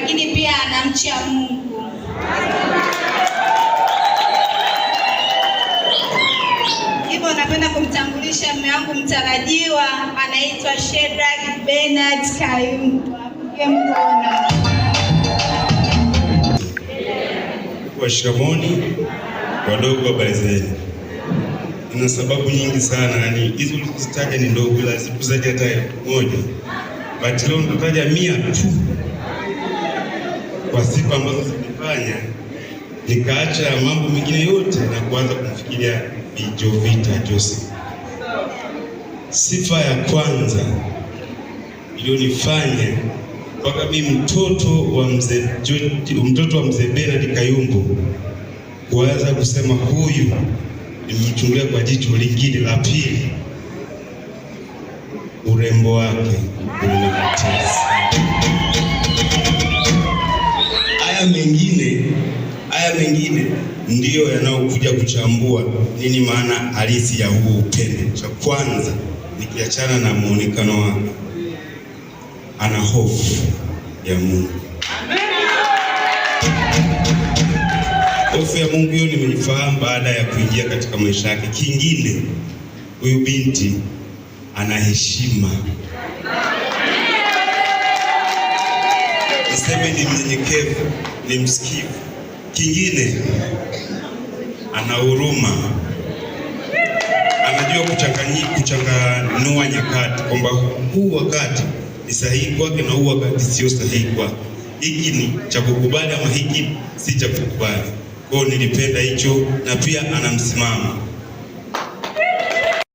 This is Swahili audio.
lakini pia anamchia Mungu. Hivyo napenda kumtambulisha mume wangu mtarajiwa, anaitwa Shedrack Bernard Kayumba. Mpigie mkono. Washikamoni wadogo, habari zenu. Ina sababu nyingi sana, yani hizo ulizozitaja ni ndogo, lazima kutaja hata moja, but leo nitataja mia tu kwa sifa ambazo zimefanya nikaacha mambo mengine yote na kuanza kumfikiria Bi Jovita Joseph. Sifa ya kwanza iliyonifanya mpaka mimi mtoto wa mzee mtoto wa mzee Bernard Kayumbo kuanza kusema huyu nimchungulia kwa jicho lingine la pili, urembo wake ulinivutia haya mengine haya mengine ndiyo yanayokuja kuchambua nini maana halisi ya huo upendo. Cha kwanza nikiachana na muonekano wake, ana hofu ya Mungu. Hofu ya Mungu hiyo nimeifahamu baada ya kuingia katika maisha yake. Kingine, huyu binti ana heshima. Tuseme ni mnyenyekevu, ni msikivu. Kingine ana huruma, anajua kuchanganua nyakati, kwamba huu wakati ni sahihi kwake na huu wakati sio sahihi kwake, hiki ni cha kukubali ama hiki si cha kukubali. Kwao nilipenda hicho, na pia ana msimamo